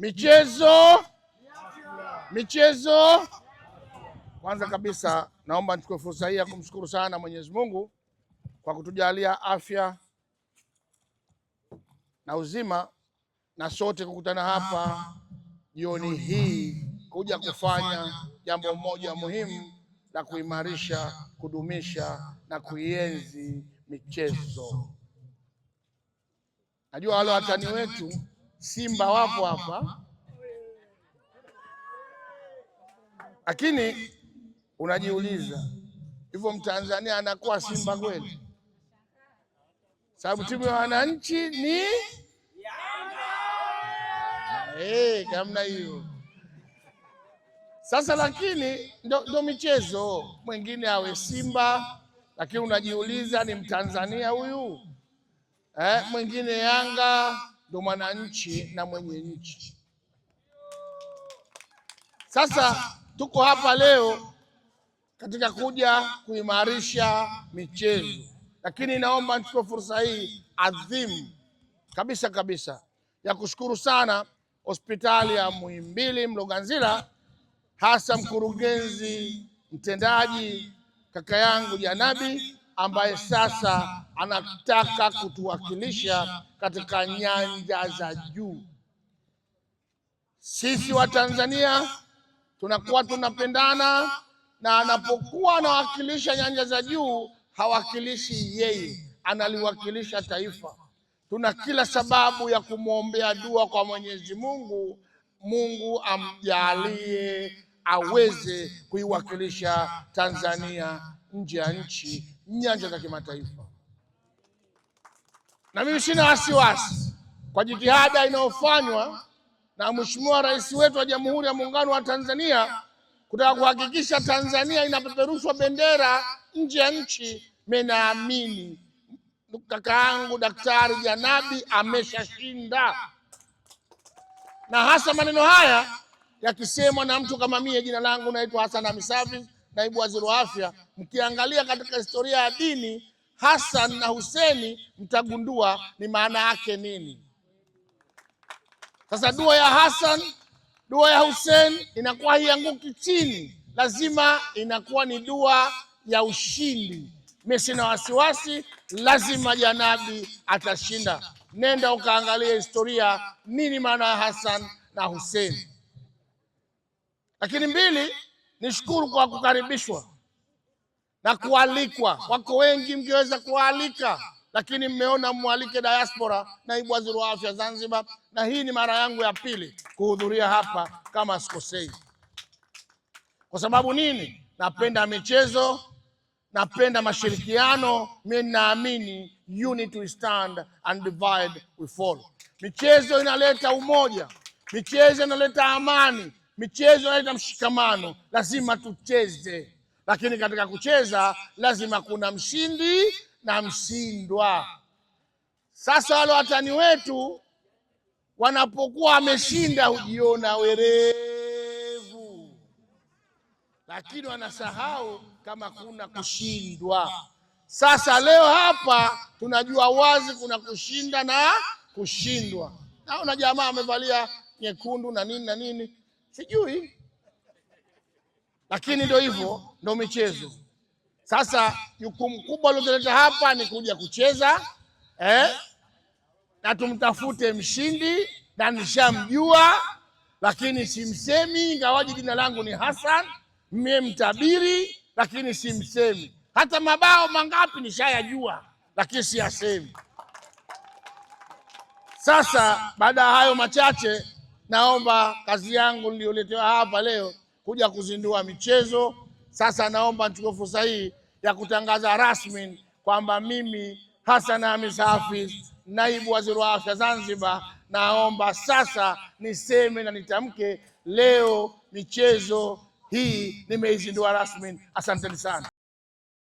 michezo michezo. Kwanza kabisa, naomba nichukue fursa hii ya kumshukuru sana Mwenyezi Mungu kwa kutujalia afya na uzima na sote kukutana hapa jioni hii kuja kufanya jambo moja muhimu la kuimarisha, kudumisha na kuienzi michezo. Najua wale watani wetu Simba wapo hapa, lakini unajiuliza hivyo, Mtanzania anakuwa Simba kweli? Sababu timu ya wananchi ni Hey, eh, kamna hiyo sasa, lakini ndo michezo mwingine awe Simba, lakini unajiuliza ni Mtanzania huyu eh, mwingine Yanga ndo mwananchi na mwenye nchi. Sasa tuko hapa leo katika kuja kuimarisha michezo, lakini naomba nichukue fursa hii adhimu kabisa kabisa ya kushukuru sana hospitali ya Muhimbili Mloganzila, hasa mkurugenzi mtendaji kaka yangu Janabi ambaye sasa anataka kutuwakilisha katika nyanja za juu. Sisi Watanzania tunakuwa tunapendana, na anapokuwa anawakilisha nyanja za juu hawakilishi yeye, analiwakilisha taifa. Tuna kila sababu ya kumwombea dua kwa Mwenyezi Mungu, Mungu amjalie aweze kuiwakilisha Tanzania nje ya nchi nyanja za kimataifa. Na mimi sina wasiwasi kwa jitihada inayofanywa na Mheshimiwa Rais wetu wa Jamhuri ya Muungano wa Tanzania kutaka kuhakikisha Tanzania inapeperushwa bendera nje ya nchi. Menaamini kaka yangu Daktari Janabi ameshashinda, na hasa maneno haya yakisemwa na mtu kama mie. Jina langu naitwa Hassan Amisafi naibu waziri wa afya, mkiangalia katika historia ya dini Hassan na huseni mtagundua ni maana yake nini. Sasa dua ya Hassan, dua ya Hussein inakuwa haianguki chini, lazima inakuwa ni dua ya ushindi. Mimi sina wasiwasi, lazima Janabi atashinda. Nenda ukaangalia historia, nini maana ya Hassan na Hussein. Lakini mbili Nishukuru kwa kukaribishwa na kualikwa. Wako wengi mkiweza kualika, lakini mmeona mwalike diaspora, naibu waziri wa afya Zanzibar, na hii ni mara yangu ya pili kuhudhuria hapa kama sikosei. Kwa sababu nini? Napenda michezo, napenda mashirikiano. Mimi ninaamini unity we stand and divide we fall. Michezo inaleta umoja, michezo inaleta amani Michezo inaleta mshikamano, lazima tucheze, lakini katika kucheza lazima kuna mshindi na mshindwa. Sasa wale watani wetu wanapokuwa wameshinda hujiona werevu, lakini wanasahau kama kuna kushindwa. Sasa leo hapa tunajua wazi kuna kushinda na kushindwa. Naona jamaa amevalia nyekundu na nini na nini sijui, lakini ndio hivyo, ndio michezo. Sasa jukumu kubwa lilotuleta hapa ni kuja kucheza eh, na tumtafute mshindi, na nishamjua lakini simsemi, ingawaji jina langu ni Hassan, mie mtabiri, lakini simsemi. Hata mabao mangapi nishayajua, lakini siyasemi. Sasa baada ya hayo machache naomba kazi yangu niliyoletewa hapa leo kuja kuzindua michezo. Sasa naomba nichukue fursa hii ya kutangaza rasmi kwamba mimi Hassan Hamis naibu waziri wa afya Zanzibar, naomba sasa niseme na nitamke leo michezo hii nimeizindua rasmi. Asanteni sana.